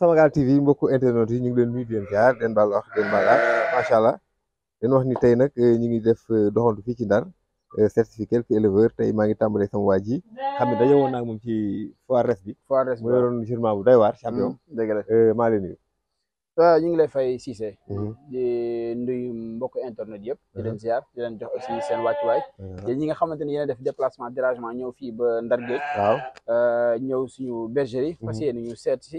Samagal TV mbokk internet yi ñu ngi leen nuyu di leen jaar den baal wax den baal wax ni tey nag eh, ñu ngi def eh, doxantu fii ci Ndar eh, certifié ku éleveurs tey maa ngi tàmbalee sama waa ji xam ne da woon naa moom ci foire res bi. foire res bi mu yoroon jurement bu doy waar. champion hmm, dëgg la maa leen ñu ngi lay fay Cissé. Hmm. di nuyu mbokk internet yëpp. di si hmm. ziar di leen jox aussi seen wàccuwaay. ñi nga xamante ni yéen def déplacement dérangement ñëw fii ba Ndar Géej. waaw ñëw suñu bergerie. fas yéene ñu seet si.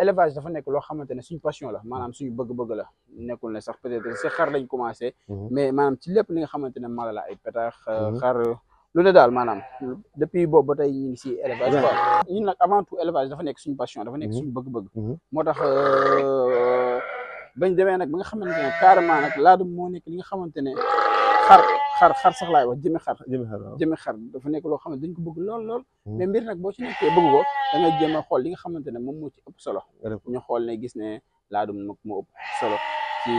élevage dafa nekk loo xamante ne suñu passion la maanaam suñu bëgg-bëgg la nekkul ne sax peut-être si xar lañ commencé. Mhm. mais maanaam ci lépp li nga xamante ne mala la ay pétax. Euh, mhm. xar lu ne daal maanaam depuis boobu ba tey ñu ngi si élevage. waaw ñun nag avant tout élevage dafa nekk suñu passion dafa nekk mhm. suñu bëgg-bëgg. moo tax euh, bañ demee nag ba nga xamante ne carrément nag laadum moo nekk li nga xamante ne xar. xar xar sax lay wax jëmi xar jëmi xar xar dafa nekk loo xamante dañ ko bëgg lool lool mais mbir nag boo ci nekkee bëgg ko da nga jéem a xool li nga xamante ne moom moo ci ëpp solo ñu xool ne gis ne laadum nag moo ëpp solo ci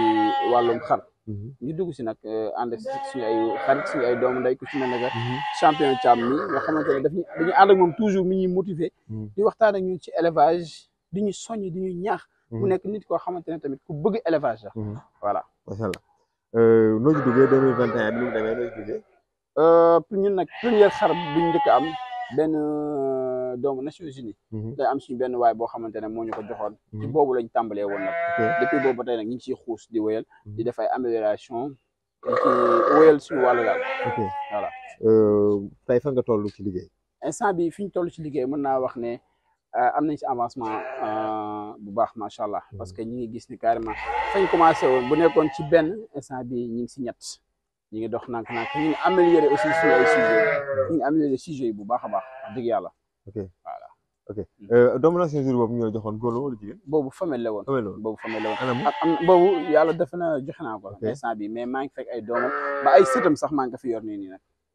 wàllum xar ñu dugg si nag ànd si suñu ay xar suñu ay doomu nday ku ci mel ne champion Thiam mi nga xamante ne daf ñu dañuy ànd ak moom toujours mi ñuy motivé di waxtaan ak ñun ci élevage di ñu soññ di ñu ñaax mu nekk nit koo xamante ne tamit ku bëgg élevage la voilà macha allah Euh, noo ci duggee deux vingt et un bi nu mu demee noo ci duggee. Euh, pour ñun nag première xar bu ñu njëkk am benn euh, doomu Nations Unies. Mhm. day am suñu benn waay boo xamante ne moo ñu ko joxoon. Mhm. ci boobu lañ tàmbalee woon nag. depuis boobu ba tey nag ñu ci ciy xuus di wéyal. Mhm. di def ay amélioration di ci wéyal suñu wàllu daal. ok voilà. tey fan nga toll ci liggéey. instant bi fi ñu ci liggéey mën naa wax ne. Euh, am nañ ci avancement euh, bu baax macha allah hmm. parce que ñi ngi gis ni carrément fañ commencé woon bu nekkoon ci benn instant bi ñi ngi si ñett ñi ngi dox nak nak ñi ngi amélioré aussi suñu ay sujet ñi ngi amélioré sujet bu baax a baax dëgg yàlla ok voilà ok hmm. euh, doomu na seen jour boobu ñu joxoon góor boobu femelle la woon bo femelle la woon bo boobu yàlla defe na joxe naa ko instant bi mais maa ngi fekk ay doomam ba ay sëtam sax maa ngi fi yor nii nii nag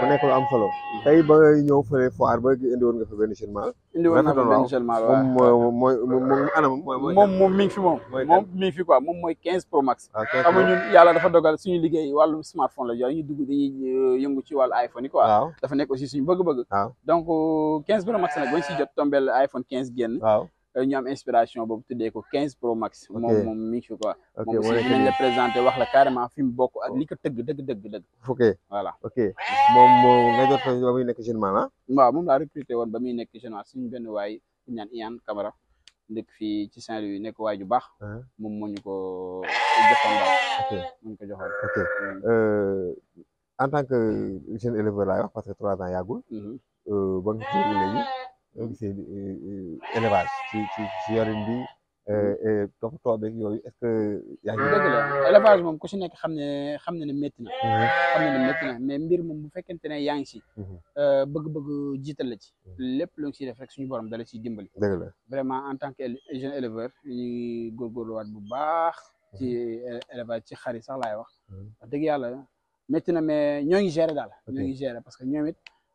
mu nekk am solo tey ba ñëw fële foire ba indi woon nga fa benn chaine mâle indi woon nga fa benn chaine moom mooy moom anam moom moom mi fi moom moom mi fi quoi moom mooy quinze pro max ah, xam yàlla dafa dogal suñu liggéey wàllu smartphone la jox ñu dugg dañuy euh, yëngu ci wàllu iPhone yi quoi dafa nekk aussi suñu bëgg-bëgg donc euh, quinze pro max nag bañ si jot tombel iPhone quinze génn Euh, ñu am inspiration boobu tuddee ko 15 pro max. ok moom moom mi ngi fi moom aussi dinañ la wax la carrément fi mu bokk ak li ko tëgg dëgg dëgg dëgg. ok voilà ok moom moo nga jot fa ba muy ah? moom laa recruté woon ba muy nekk jeune man suñu benn waay ñu naan Iyane Camara nekk fii ci Saint-Louis nekk waay ju baax. Ah. moom moo ko joxoon daal. ok moo ñu ko joxoon. ok mm. euh, en tant que mm. parce que trois ans yàggul. Mm-hmm. Euh, ba nga ci léegi. yoo gisee eh, eh, élevage ci ci ci yorin bi eh, hmm. yooyu est-ce que. yaa ngi dëgg moom ku si nekk xam ne xam na ne métti na. Hmm. na mais mbir moom bu fekkente ne yaa ngi si. Hmm. bëgg-bëgg jiital la ci. lépp lu ngi siy def rek suñu borom dala ciy dimbali. la vraiment en tant que jeune éleveur ñu ngi góorgóorluwaat bu baax. ci élevage ci xar yi sax laay wax. wax dëgg yàlla métti na mais ñoo ngi gérer daal. ñoo ngi gérer parce que ñoom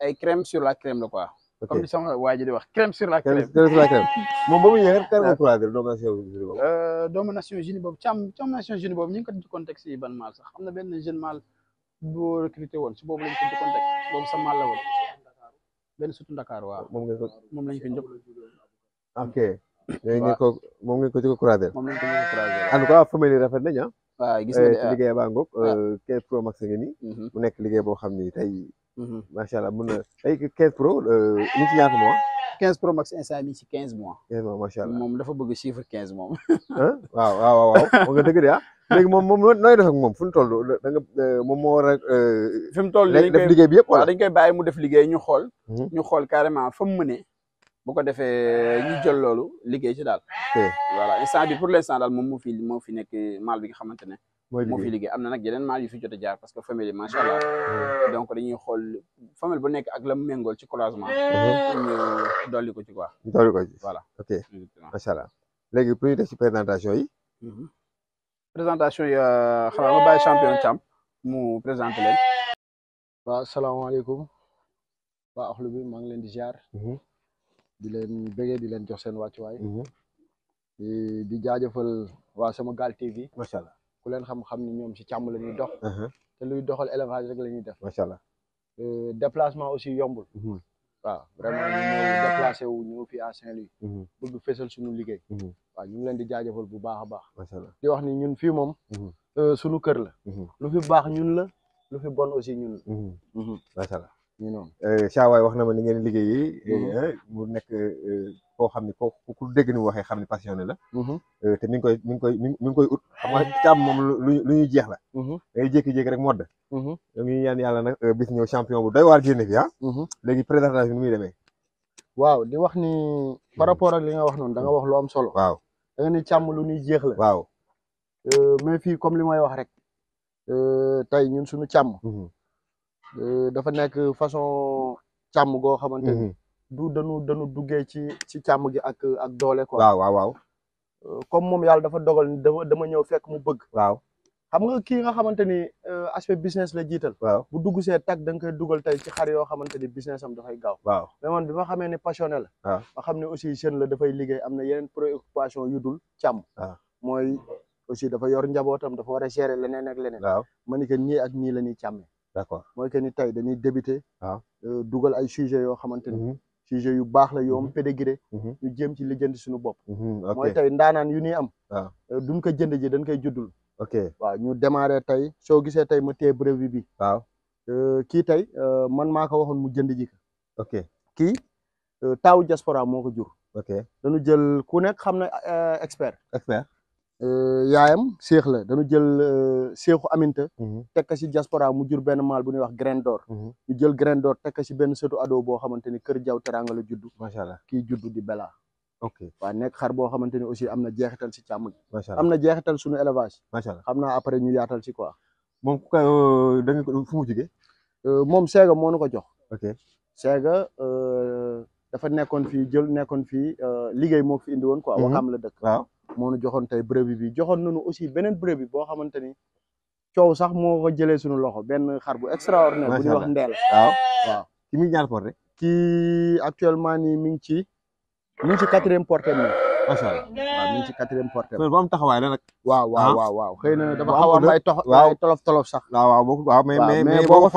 ay crème sur la crème la quoi. waa wax crème sur la crème. crème sur la crème moom ba mu ñëwee rek terme croisé doomu Nations Unies boobu. doomu Nations Unies boobu ñu ngi ko di yi ban maal sax am na benn jeune maal boo recruté woon si boobu lañ ko di contexte boobu sa maal la woon benn surtout Dakar waaw. moom ngeen ko moom lañ ko njëkk. ok léegi ngeen ko moom ngeen ko ah. eh, ci gis nga ne ah liggéey baa ngoog. 15 euh, pro max nga nii. Mm-hmm. mu nekk liggéey boo xam ni tey. Mm-hmm. macha allah mën na ay 15 pro ñu euh, ci ñaata mois. 15 pro max instant mi ci 15 mois. mois moom dafa bëgg chiffre 15 moom. waaw waaw waaw wax nga dëgg de ah. léegi moom moom nooy def moom fu mu toll da euh, moom moo war a. Euh, fi mu toll def liggéey bi yëpp wala dañ koy bàyyi mu def liggéey ñu xool. Mm-hmm. ñu xool carrément fa mu mënee. bu ko defee ñu jël loolu liggéey ci daal. voilà instant bi pour l'instant daal moom moo fi moo fi nekk mal bi nga xamante ne. mo fi liggé amna nak yenen mal yu fi jot jaar parce que famille sha allah hmm. donc dañuy xol famille bu nek ak la mengol ci croisement hmm. ñu ko ci quoi dolli ko ci voilà ok sha allah légui pour ñu def ci présentation yi hmm. présentation yi euh, xala ma bàyyi champion cham mu len wa assalamu alaykum wa akhlu bi ma ngi len di ziar di len bëggé di len jox seen wàccuwaay di jaajeufal wa sama gal TV sha allah ku leen xam-xam ni ñoom si càmm la ñuy dox. Uh-huh. te luy doxal élevage rek la ñuy def. macha allah euh, déplacement aussi yombul. Mm-hmm. waaw vraiment ñu ñëw déplacé wu ñëw fii à Saint-Louis. Mm-hmm. bëgg fésal liggéey. Mm-hmm. waaw ñu ngi leen di jaajëfal bu baax a baax. di wax ni ñun fii moom. Euh, suñu kër la. lu fi baax ñun la lu fi bon aussi ñun la. ñu noonu eh, wax na ma ni ngeen liggéeyee. Mm-hmm. Eh, mu nekk eh, koo xam ne ko ku dégg ni mu waxee xam ne passionné la. Mm-hmm. te mi ngi koy mi ngi koy mi ngi koy ut. xam nga càmm lu ñu jeex la. day mm-hmm. jékki rek modd. ñu ñaan yàlla nag bis ñëw champion bu doy waar génne fi ah. léegi présentation bi nu muy demee. waaw di wax ni par rapport ak li nga wax noonu danga wax lu am solo. waaw da ni càmm lu ñuy jeex la. waaw mais fii comme li may wax rek. tey ñun suñu càmm. Euh, dafa nekk façon càmm goo xamante ni mhm. du dañu dañu duggee ci ci càmm gi ak ak doole quoi waaw waaw waaw euh, comme moom yàlla dafa dogal dama dama ñëw fekk mu bëgg waaw xam nga kii nga xamante ni euh, aspect business la jiital bu dugg see tag da nga koy dugal tey ci xar yoo xamante ni business am dafay gaaw waaw mais man bi ma xamee ni passionné la waaw ah. xam ne aussi jeune la dafay liggéey am na yeneen préoccupation yu dul càmm waaw ah. mooy aussi dafa yor njabootam dafa war a gérer leneen ak leneen waaw ma ni que ñii ak ñii la ñuy càmmee d' mooy que ni tey dañuy débuté. Ah. Euh, dugal ay sujets yoo xamante ni. Mm-hmm. sujet yu baax la yoom mm-hmm. pédégré mm-hmm. ñu jéem ci lijjanti suñu bopp mooy tey ndaanaan yu ñuy am waaw ah. euh, duñ ko jënd ji dañ koy juddul ok waaw ñu démarré tey soo gisee tey ma téye brevi bi waaw euh, kii tey man maa ko waxoon mu jënd ji ko ok kii taawu diaspora moo ko jur ok dañu jël ku nekk xam na expert expert Euh, yaayam seex la dañu jël seexu euh, aminta mhm. tekka si diaspora mu jur benn maal bu ñuy wax graine d'or mhm. jël graine d'or tekka si benn sëtu ado boo xamante ni kër jaw teranga la judd macha allah kii judd di bela ok waaw nekk xar boo xamante ni aussi am na jeexital si càmm gi macha allah am na jeexital suñu élevage macha allah xam naa après ñu yaatal si quoi moom ku euh, fu mu jugee moom seega moo nu ko jox ok seega dafa nekkoon fii jël nekkoon fii liggéey moo fi indi woon quoi mhm. waxaam la dëkk moo nu joxoon tey brebis bi joxoon nañu aussi beneen brebis boo xamante ni coow sax moo ko jëlee suñu loxo benn xar bu extraordinaire bu ñuy wax ndeel waaw ci mi ñaar porté kii actuellement nii mi ngi ci mi ci quatrième porté macha allah waaw ñu ngi ci quatrième porté bu am taxawaay la nag waaw waaw ah. waaw waaw xëy na dafa xaw am ay tox tolof tolof sax waaw waaw mais mais boo ko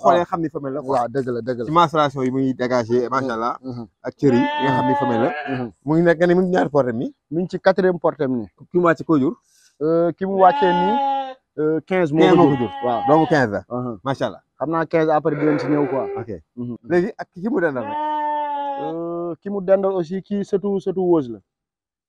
xoolee xam ni femelle la waaw dëgg la dëgg la muy dégagé mm-hmm. macha allah mm-hmm. ak cër yi mm-hmm. xam ni femelle la mu ngi nekk nga ne mu ngi ñaari porté mi mi ngi ci quatrième porté ki mu wàcce koo jur euh, ki mu wàccee nii euh, quinze moo ko jur waaw doomu la uh-huh. macha allah xam naa quinze après di leen si ñëw quoi ok léegi ak ki mu dendal aussi ki setu setu wóos la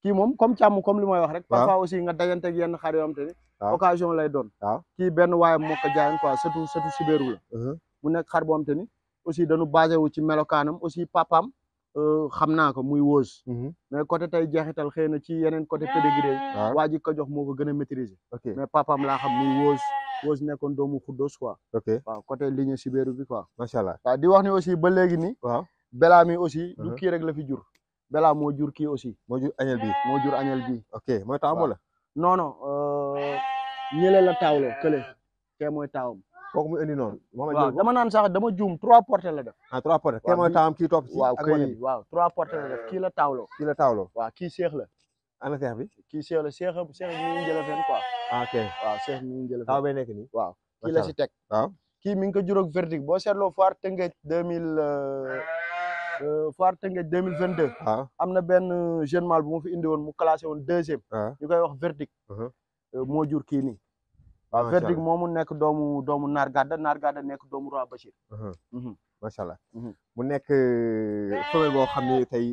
ki mom comme cham comme limay wax rek parfois aussi nga dajante ak yenn xar yo am tane occasion lay don ki ben benn moko jaan quoi setu setu siberu la uh-huh. mu nek xar bo am tane aussi dañu basé wu ci melokanam aussi papam euh xamna ko muy wóos uh-huh. mais côté tay jeexital xeyna ci yenen côté pédigré waji ko jox moko gëna maîtriser mais papam la xam muy wóos wóos nekkon doomu xuddos quoi ok waaw côté ligne siberu bi quoi machallah di wax ni aussi ba légui ni Bella mi aussi. du uh-huh. kii rek la fi jur. Bella moo jur kii aussi. moo jur añel bi moo jur añel bi. ok mooy taamu wala. non non euh, ñële la taawlo kële kee mooy taawam. kooku muy naan sax dama juum trois portées la def. ah trois portées kee kii la def kii la taawlo. kii kii seex la. ana bi. kii seex la seex seex bi ñu ngi jëlee fenn quoi. Ah, ok waaw seex taw bee nekk nii waaw. kii la si teg waaw. kii mi ngi ko juróog verdict boo seetloo Euh, foire Tëngéej deux mille vingt deux ah. am na benn euh, jeune mâle bu ma fi indi woon mu classé woon deuxième ah. ñu koy wax verdict uh-huh. euh, moo jur kii nii waaw verdict moomu nekk doomu doomu naar gadda naar gadda nekk doomu roi Bachir uh-huh. mhm. macha allah mhm. mu nekk femelle boo xam ne tey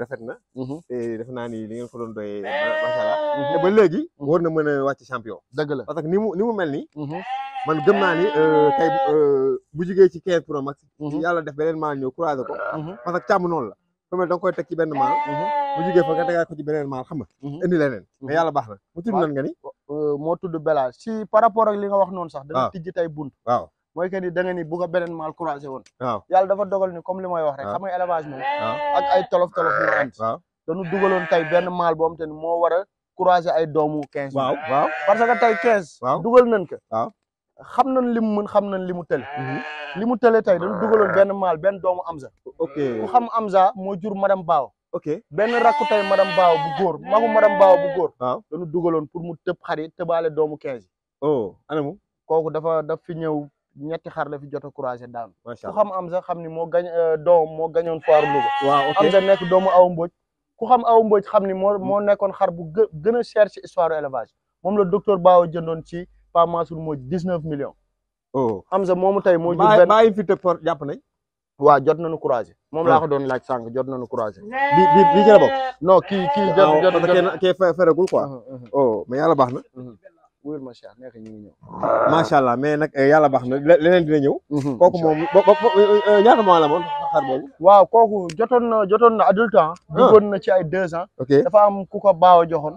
rafet na mhm. te defe naa ni li ngeen ko doon doyee macha allah ba léegi war na mën a wàcc champion dëgg la ni mu mel nii man gëm naa ni euh, tey ah. euh, bu ci 15 pro max. Mhm. yàlla def beneen maal ñëw croisé ko. Ah. Mhm. parce que càmm la. femelle koy teg ci benn maal. Eh. bu jugee fa nga tegaat ko ci mhm. baax na. Euh, moo tudd Bella si par rapport ak li nga wax noonu sax. waaw dana tijji tey bunt. da nga ni bu ko beneen woon. waaw yàlla dafa dogal ni comme li may wax rek. xam nga élevage moom. ak tey benn maal boo xam te ni moo war a ay doomu quinze waaw waaw parce que tey 15. waaw dugal nañ ko. waaw xam nañ li mu mën xam nañ li mu tële ah. li mu tële tey dañu ah. benn maal benn doomu Amza ok ku xam Amza moo jur madame Baaw ok benn rakku tey madame Baaw bu góor magu madame Baaw bu góor waaw dañu dugaloon pour mu tëb xar yi tëbaale doomu quinze yi oh, anamu kooku dafa daf fi ñëw ñetti xar la fi jot a croisé daanu ku xam Amza xam ni moo gañ euh, doom moo gañoon foire Louga waaw ok Amza nekk doomu aw mboj ku xam aw mboj xam ni moo moo nekkoon xar bu gë gën a cher ci histoire élevage moom la ci Pa Mansour moo dix neuf millions. oh Amza moomu tey moo. jur benn maa fi jàpp nañ. waaw jot nañu courage. moom laa oh. ko doon laaj sànq jot na courage. bi bi bi ci la bokk. non kii kii jot jot oh, jot kee feregul quoi. Uh-huh, uh-huh. oh mais baax na. wóor macha allah ñu ngi ñëw. macha allah mais nag eh, yàlla baax na leneen dina ñëw. Uh-huh. kooku moom bo bo eh, eh, ñaata moo la moon xar waaw kooku jotoon na jotoon na adulte ah. ah. duggoon na ci ay deux ans. ok dafa am ku ko baaw joxoon.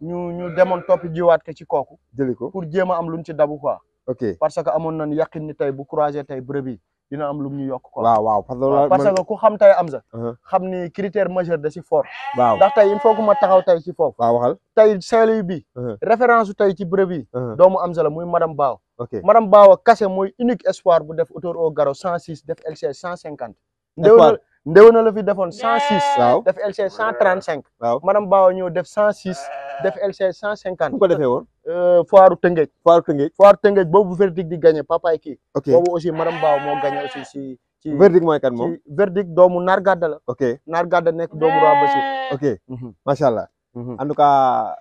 ñu ñu demoon topp jiwaat ko ci kooku. jëli ko pour jéem am lu mu ci dabu quoi. ok parce que amoon nañu yaqin ni tey bu croiser tey brebis dina am lu mu ñu yokk quoi. waaw waaw parce que parce que ku xam tey am sa. Uh-huh. xam ni critère majeur de si fort. waaw ndax tey il faut ma taxaw tey ci foofu. waaw waxal tey saint bi. Uh-huh. référence tey ci brebis. Uh-huh. doomu am sa la muy madame Baaw. ok madame Baawa Kassé mooy unique espoir bu def autor au garrot cent def LCS cent cinquante espoir ndéwénoo la fi defoon cent 106. waaw def LC 135. waaw madame Bawa ñëw def cent 106. def LC 150. fu ko defee woon. Euh, foiru Tëngéej. foiru Tëngéej foiru Tëngéej boobu verdict di gagné papaay kii. ok boobu aussi madame Bawa moo gagné si. ci verdict mooy kan moom verdict doomu nar Gadda la. ok Naar Gadda nekk doomu Roi si ok mhm. macha allah. Mhm. en tout cas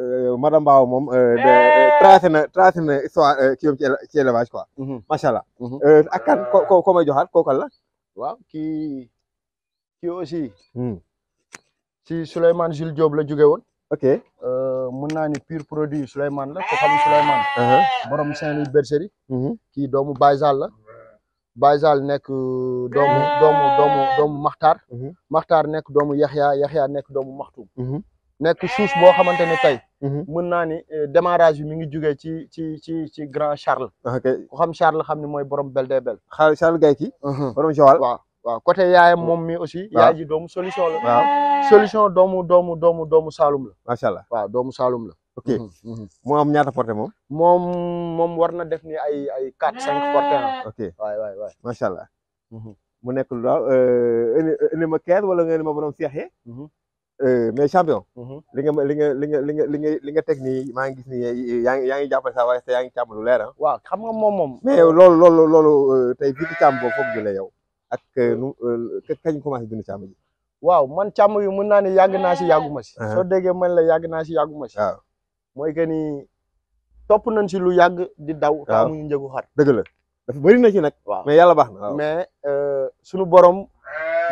euh, madame Bawa moom euh, tracé na tracé na histoire kii ci élevage quoi. Mhm. macha allah. ak ko ko may joxaat kooku la. waaw kii kii aussi. Hmm. si Souleymane Jules Diop la jóge woon. ok euh, mën naa ni pur produit Souleymane la ko xam Souleymane. Ah, ah. borom Saint-Louis Bergerie. Hmm. kii doomu Baysal la. Baysal nekk euh, doomu doomu doomu doomu Maxtaar. Hmm. Maxtaar nekk doomu Yaxya Yaxya nekk doomu Maxtum. nekk eh. suuf boo xamante ne tey. Mhm. mën naa ni eh, démarrage bi mi ngi jugee ci ci ci ci grand Charles. ok ku xam Charles xam ni mooy borom bel de bel. xaaral Charles Gaye ki mhm. borom Joal waaw waaw côté moom mi aussi. yaay ji doomu solution la. solution doomu doomu doomu doomu Saloum la. macha allah doomu saalum la. ok mhm, moo am moom. moom moom war na def ni ay ay quatre cinq ah. porté la. ok waay waay waay macha allah. mu nekk lu daaw euh, indi ma kees wala nga indi borom seex Euh, mais champion. Mm-hmm. li nga li nga li nga li nga li nga li nga teg nii maa ngi gis nii yaa ngi yaa ngi jàppale saa waaye te yaa ngi càmm lu leer ah. waaw xam nga moom moom. mais loolu loolu euh, tey bii ci càmm boobu foofu jëlee ak euh, nu kañ commencé dund càmm ji. waaw man càmm gi mën naa ne yàgg naa si yàgguma si. Ah. soo déggee man la yàgg naa si yàgguma si. waaw ah. mooy que ni topp nañ si lu yàgg di daw. waaw te ah. amuñu njëgu xar. dëgg la dafa bëri na ci nag. waaw sunu borom.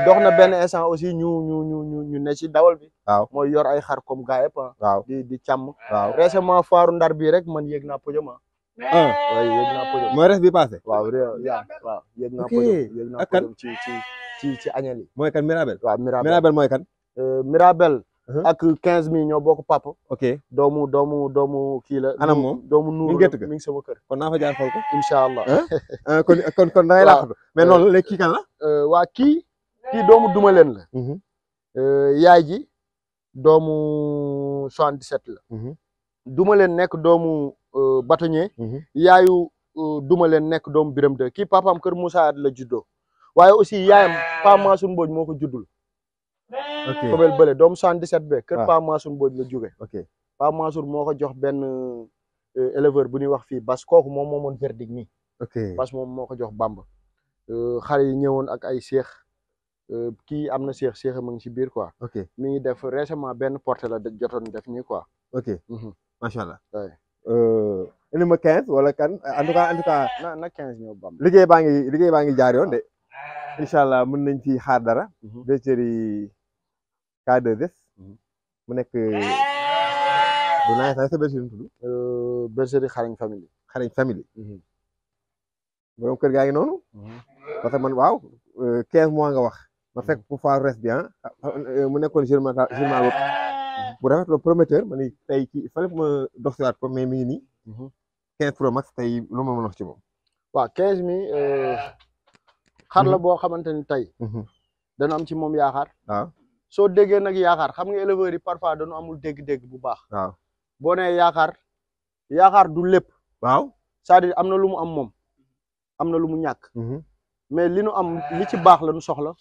doxna ben instant aussi ñu ñu ñu ñu ne ci dawal bi. waaw yor ay xar comme gaay ah. pa di di cham récemment faaru ndar bi rek man yegna podium ah. ah waaw yéeg podium. res bi passé. waaw yaa waaw yegna naa podium yéeg kan? podium ci ci ci ci agnali moy kan Mirabel. waaw Mirabel Mirabel moy kan. Euh, Mirabel. Uh-huh. ak 15 mi ñoo bokk papa. ok doomu doomu doomu ki la. anam mom doomu nuru la mi ngi sama kër. kon na fa jaar xool ko. inshallah euh, kon kon kon da ngay mais non le ki kan la. Euh, wa ki Ki doomu len la. Mhm. Euh, yaay ji doomu 77 la. Mhm. Dumaleen nek doomu euh, batonier mhm. yaayu euh, len nek doomu Biram de Ki papam keur Moussa Ad la juddo waye aussi yaayam Pa Mansour boj moko juddul. ok bel Bële doomu 77 be keur ah. Pa Mansour boj la jugge ok Pa Mansour moko jox ben éleveur bu ni wax fi Bas kooku mom momone verdict ni ok Bas mom moko jox Bamba. euh xari ñewon ak ay cheikh Euh, kii am na seex seex ma ngi si biir quoi. ok mi ngi def récemment benn porte la jotoon def nii quoi. ok mhm. macha allah. Euh, indi ma quinze wala kan en tout cas na na quinze ñëw bam liggéey baa ngi liggéey baa ngi jaar yoon de. Ah. incha allah mën nañ ci xaar dara. bergerie mhm. k 2 mhm. mu nekk ah. bu naan sax sa bergerie nu mu tudd. Euh, bergerie kër gaa ngi noonu. parce que man waaw quinze mois nga wax. ma fekk pour foire res euh, mu nekkoon journal journal ah. bu rafet la prometteur ma tey ci fale ma dox siwaat ko mais mi ngi nii. 15 mhm. pro tey lu ma mën a wax ci moom. waaw 15 mi euh, xar mhm. boo xamante ni tey. Mhm. dana am ci moom yaakaar. soo déggee nag yaakaar xam nga éleveurs yi parfois dañu amul dégg-dégg bu baax. boo nee yaakaar yaakaar du lépp. waaw cest à am na lu mu am moom am na lu mu ñàkk. mais li nu am li ci baax la nu soxla.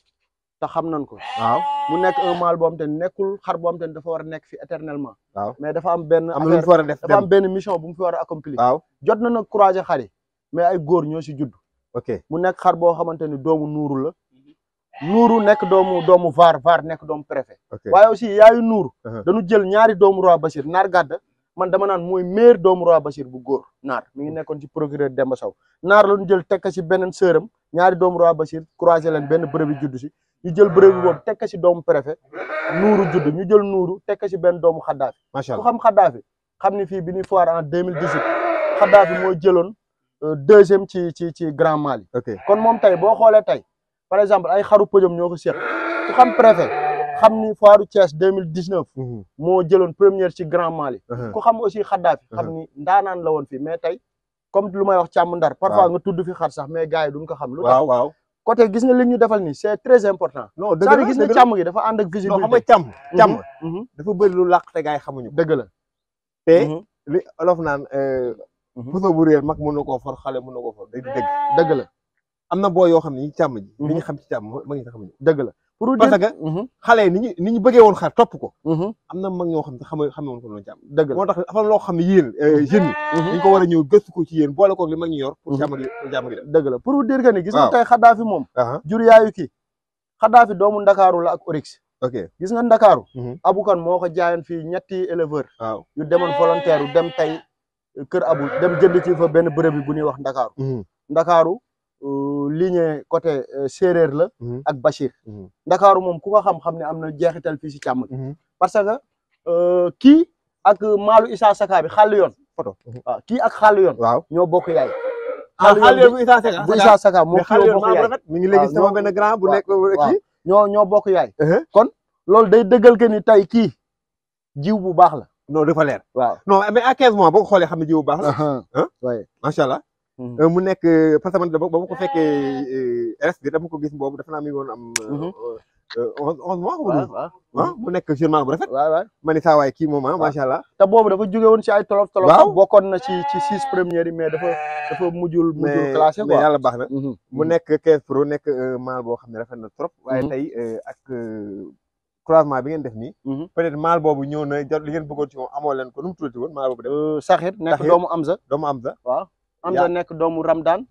te xam nañ ko. waaw mu nekk un mâle boo xam te nekkul xar boo xam te dafa war a nekk fi éternellement. mais dafa am benn. am def dafa am benn mission bu mu fi war a accomplir. waaw jot na nag croiser xar mais ay góor ñoo si judd. ok mu nekk xar boo xamante ni doomu nuuru la. nuuru nekk doomu doomu vaar vaar nekk doomu préfet. waaye aussi yaayu nur uh-huh. dañu jël ñaari doomu roi Bachir naar gàdda man dama naan mooy maire doomu roi basir bu góor naar mu ngi nekkoon si procureur Demba Sow naar la ñu jël tekk si beneen sëram ñaari doomu roi Bachir croiser leen benn bërëb bi judd si ñu jël bërëb boobu tekk ci doomu préfet nuuru judd ñu jël nuuru tekk ci benn doomu xaddaafi macha allah ku xam xaddaafi xam ni fii bi ñuy foire en deux mille dix huit xaddaafi moo jëloon euh, deuxième ci ci ci Grand Mali kon moom tey boo xoolee tey par exemple ay xaru pëjom ñoo ko séq ku xam préfet xam ni foiru Thiès deux mille dix mhm. moo jëloon première ci Grand Mali uh-huh. ku xam aussi xaddaafi xam uh-huh. ni ndaanaan la woon fii mais tey comme lu may wax càmm ndar parfois nga tudd fi xar sax mais gars yi duñ ko xam lu waaw côté gis nga li ñu defal ni c'est très important. non dëgg gis nga càmm gi dafa ànd ak visibilité. non xam nga càmm mhm, mhm. dafa bëri lu làq te gars yi xamuñu. dëgg la te. Mhm. li olof naan. Euh, puso bu réer mag mën na koo for xale mun na ko for day dëgg. dëgg la am na boo yoo xam ne yi càmm ji. li ñu xam ci càmm ma ngi xamuñu dëgg la. pour parce que mhm. xale ni ñu ni ñu bëggee woon xar topp ko. Mhm. am na mag ñoo xam ne xam xame woon ko noonu jàmm. dëgg la moo loo xam ne yéen euh, mhm. jeunes yi. a ñëw gëstu ko ci yéen boole koog li mag ñu yor. la dëgg la pour dire que ni gis nga tey Xaddaafi moom. Uh-huh. jur yaayu kii Xaddaafi doomu Ndakaaru la ak Orix. ok gis nga Ndakaaru. Abu Kan moo ko jaayoon fii ñetti éleveur yu demoon volontaire yu dem tey kër Abu dem jënd ci fa benn bërëb bi bu ñuy wax Ndakaaru. Ndakaaru Euh, ligne côté euh, séeréer la mhm. ak Bachir mhm. ndakaaru moom ku ko xam-xam ne am na jeexital fii si càmm gi mhm. parce que euh, kii ak maalu Issa Saka bi xàll yoon photo waaw kii ak xàll yoon waaw ñoo bokk yaay xàll ah, yoon bu Issa Saka bu Issa Saka moom kii bokk yaay mi ngi léegi ah, sama benn grand bu nekk kii ñoo ñoo bokk yaay uh-huh. kon loolu day dëggal ke ni tey kii jiw bu baax la non dafa leer waaw non mais à quinze mois boo ko xoolee xam ne jiw bu baax la uh-huh. macha allah Hmm. Euh, mu nekk euh, parce que man ba ma ko fekkee res ah. euh, bi dama ko gis boobu dafa naa mi woon am. Hmm. onze onze mois. waaw waaw ah, mu nekk journal bu rafet. waaw ma ni saa kii moom ah, ah. macha allah. te boobu dafa juge woon ci ay tolof tolof. waaw bokkoon na ci ci six yi mais dafa dafa mujjul. mujjul classé la mais yàlla baax na. Hmm. mu nekk quinze pro nekk maal boo xam ne rafet na trop. waaye tey ak. croisement bi ngeen def nii. peut-être maal boobu ñëw na jot li ngeen bëggoon ci moom amoo leen ko nu mu tuddati woon maal boobu. saxir nekk doomu Amza doomu Amza waaw. Hamza nekk doomu Ramdan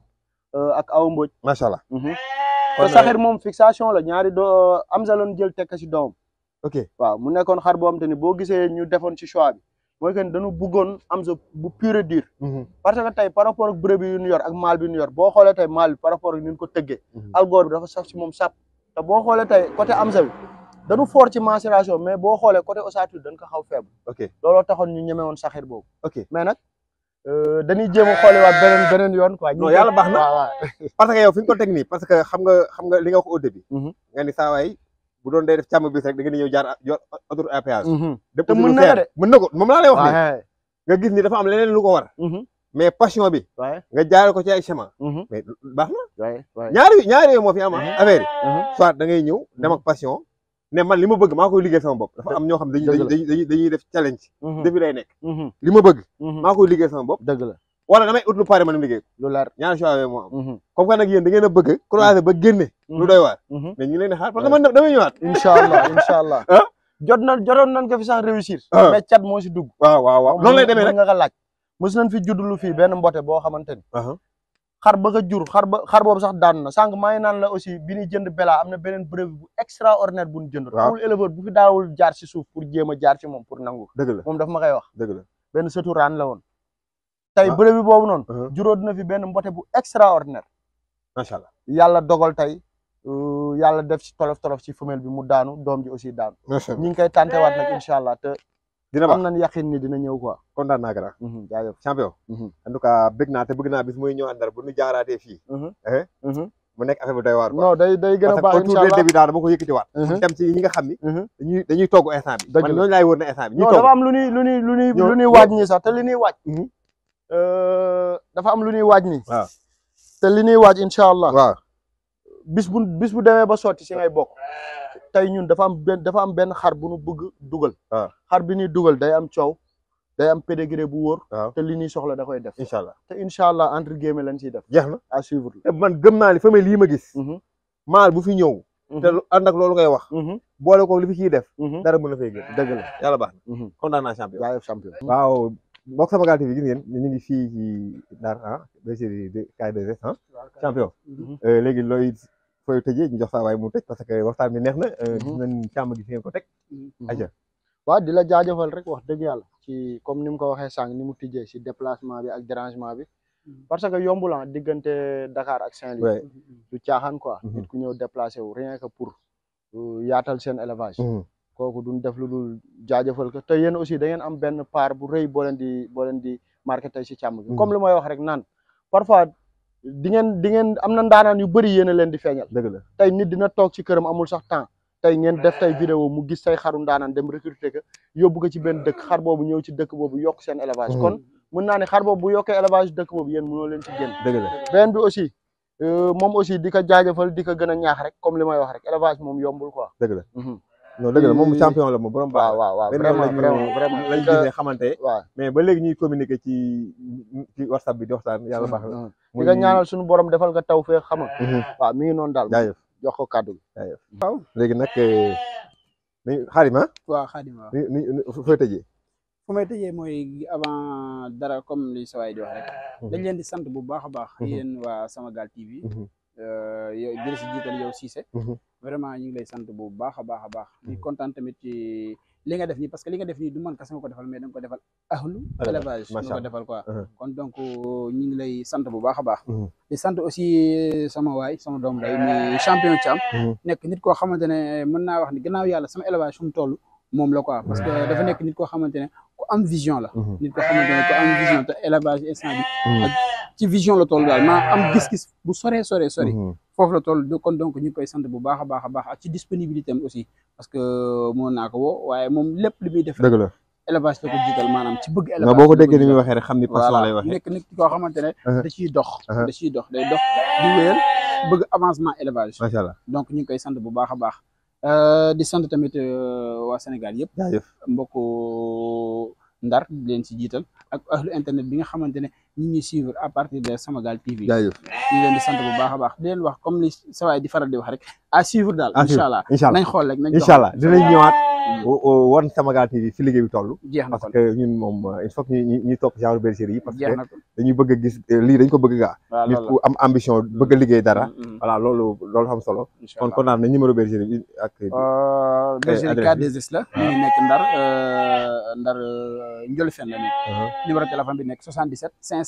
euh, ak Awa Mbodj. macha allah. Mhm. te Saxir moom fixation la ñaari doo Hamza euh, la ñu jël tekk ci doomam. waaw mu nekkoon xar boo xam te ni boo gisee ñu defoon ci choix bi mooy que dañu bëggoon Hamza bu pure dur. Mhm. parce que tey par rapport ak bërëb yu ñu yor ak maal bi ñu yor boo xoolee tey mal bi par rapport ak ni ñu ko tëggee. Mhm. algoor dafa saf moom sap. boo xoolee tey côté Hamza bi dañu fort ci mensuration mais boo xoolee côté ossature dañ ko xaw faible. ok looloo taxoon ñu ñeme woon Saxir boobu. ok mais nag. Euh, dañuy jéem a xoolewaat beneen beneen yoon quoi. non yàlla baax na parce que yow fi ñu ko teg nii parce que xam nga xam wax au début. Mm-hmm. nga ni saa bu doon day def càmm bis rek da nga ni ñëw jaar autoroute à péage. Mm-hmm. te mën na ko de mën moom laa lay wax nga gis ni dafa am leneen lu ko war. Mm-hmm. mais passion bi. nga jaaree ko ci ay chemin. mais baax na. ñaari ñaari yooyu moo fi am affaire yi. soit da ngay ñëw dem passion. ne man li ma bëgg maa koy liggéey sama bopp dafa am ñoo xam dañuy dañuy dañuy def challenge mhm. defi lay nekk mhm. li ma bëgg mhm. maa koy liggéey sama bopp dëgg la wala damay ut lu pare man liggéey lu leer ñaari choix yooyu moo am comme que nag yéen da ngeen a bëgg croiser ba génne lu doy waar mais ñu leen di xaar parce que man damay ñëwaat incha allah incha allah jot na jotoon nañ ko fi sax réussir ah. mais cat moo si dugg waaw waaw waaw noonu lay demee nag nga ko laaj mos nañ fi juddlu fii benn mbote boo xamante ni xar ba jur xar ba xar boobu sax daanu na sànq maa ngi naan la aussi bi ñuy jënd Bella am na beneen brevet bu extraordinaire bu ñu jënd. waaw amul bu fi daawul jaar si suuf pour jéem a jaar si moom pour nangu. dëgg la moom daf ma koy wax. dëgg la benn sëtu raan la woon. Ah. tey brevet boobu noon uh-huh. juróo fi benn mbote bu extraordinaire. macha allah yàlla dogal tey uh, yàlla def si tolof tolof si femelle bi mu daanu doom ji aussi daanu. ñu ngi koy tàntewaat nag eh. incha allah dina baax am nañ yaqin ni dina ñëw quoi kon naa gara mhm. jaajëf champion mhm. en tout cas bëgg naa bis muy ñëw àndal bu ñu jaaraatee fii mhm. Eh? mu nekk affaire bu doy waar non day day gën a baax incha allah début daal dama ko yëkkatiwaat dem ñi nga xam ni dañuy dañuy togg instant bi laay wër na instant bi ñuy togg lu ñuy lu ñuy lu ñuy lu ñuy waaj nii sax te li ñuy waaj euh, dafa am lu ñuy waaj nii li ñuy waaj incha allah waaw bis bu bis bu demee ba sotti si ngay bokk tey ñun dafa am ben dafa am benn xar bu nu bëgg dugal. Ah. xar bi ñuy dugal day am coow day am pédégré bu wóor. Ah. te li ñuy soxla da koy def. incha allah te incha allah entre guillemets lañ ciy def. jeex na à suivre man gëm naa ni lii ma gis. maal mhm. bu fi ñëw. Mhm. te ànd ak loolu ngay wax. Mhm. boole ko li fi ciy def. dara mën na fay gën dëgg la ba baax na. kontaan naa champion yaa champion. waaw mbokk Samagal TV gis ngeen ñu ngi fii ci Ndar ah bergerie de K2S ah champion. Euh, léegi looy. koy tëjee ñu jox saa waay mu tëj parce que waxtaan bi neex na. Euh, gis mhm. nañ gi fi ko teg. Mhm. aja waaw di la jaajëfal rek wax dëgg yàlla ci comme ni mu ko waxee sànq ni mu tijjee si déplacement bi ak dérangement bi. Mhm. parce que yombulan ah, diggante Dakar ak Saint-Louis. du caaxaan quoi. nit ñëw déplacé wu rien que pour euh, yaatal seen élevage. kooku duñ def lu dul jaajëfal ko te yéen aussi da ngeen am benn part bu rëy boo leen di boo leen di marqué si càmm gi. comme li may wax rek naan parfois di ngeen di ngeen am na ndaanaan yu bëri yéen a leen di feeñal. tey ni dina toog ci këram amul sax temps tey ngeen def tey ah. vidéo mu gis say xaru ndaanaan dem recruter ko yóbbu ko ci benn dëkk xar boobu ñëw ci dëkk boobu yokk seen élevage. Mm. kon mën naa ne xar boobu bu yokkee élevage dëkk boobu yéen mënoo leen ci génn. dëgg la beneen bi aussi euh, moom aussi di ko jaajëfal di ko gën a ñaax rek comme li may wax rek élevage moom yombul quoi. dëgg la. Mhm. non dëgg la moom champion la moom borom baax waaw waaw vraiment léegi ñuy communiquer ci ci whatsapp bi di waxtaan yàlla a na di nga ñaanal suñu borom defal nga taw fee xama mhm. waaw mi ngi noonu daal jaajëf jox ko kàddu gi jaajëf waaw léegi nag euh, ni xaarima ah? waaw xaarima ni fooy tëjee fu may tëjee mooy avant dara comme li sa waay di wax rek mhm. dañ leen di sant bu baax a baax mhm. yéen waa Samagal TV Euh, yow si jiital yow Cissé. Mhm. vraiment ñu ngi lay sant bu baax a baax a baax. di mhm. kontaan tamit ci li nga def nii parce que li nga def nii du man kese nga ko defal mais da nga ko defal ahlu élevage nga ko defal mhm. kon donc ñu lay sant bu baax a baax. di sant aussi euh, sama waay sama doom day muy eh. champion Thiam. nekk nit koo xamante ne mën naa wax ni gannaaw yàlla sama élevage fu mu toll moom la quoi parce que dafa nekk nit koo xamante ne ku am vision la. nit koo xamante ne ci vision la toll daal ma am ah. gis-gis bu sore sore sori mhm. foofu la toll kon donc ñu koy sante bu baax a baax ak ci disponibilité am aussi parce que euh, mën naa ko woo waaye moom lépp li muy def deug la élevage la ko jiital maanaam ci bëgg élevage boo boko déggee ni muy waxee rek xamni ni passion lay waxee nekk nit koo xamante uh-huh. da ciy dox uh-huh. da ciy dox day dox di wéyal bëgg avancement élevage macha donc ñu koy sante bu baax a baax euh, di sante tamit euh, wa Sénégal yëpp mbokku Ndar di len ci jital ak ahlu internet bi nga xamantene ñi ñuy suivre à partir de Samagal TV. jaajëf ñu leen di bu baax a baax di leen wax comme li sawaay di faral di wax rek à suivre daal. incha allah nañ xool rek nañ incha allah dinañ ñëwaat. TV fi liggéey bi toll. jeex na parce que ñun moom euh, il faut que ñu ñu topp genre bergerie yi. parce que dañuy bëgg gis lii dañ ko bëgg gaa. waaw nit ku am ambition bëgg a liggéey dara. Mm, mm, mm. voilà loolu loolu xam solo. incha allah kon kon na numéro bergerie bi ak. Euh, bergerie K2S la. ñu ngi nekk Ndar euh, Ndar Ndiolofène la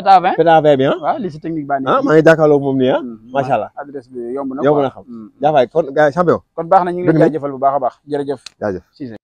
PETA 20 PETA 20 bi technique baa nekk. ah maa ngi jàkkaarloo moom nii ah. Hmm, macha allah adresse bi yomb na yomb na xam. Hmm, hmm. jaafaay kon gars champion. kon baax na ñu ngi lay bu baax a baax jërëjëf. jaajëf Cissé.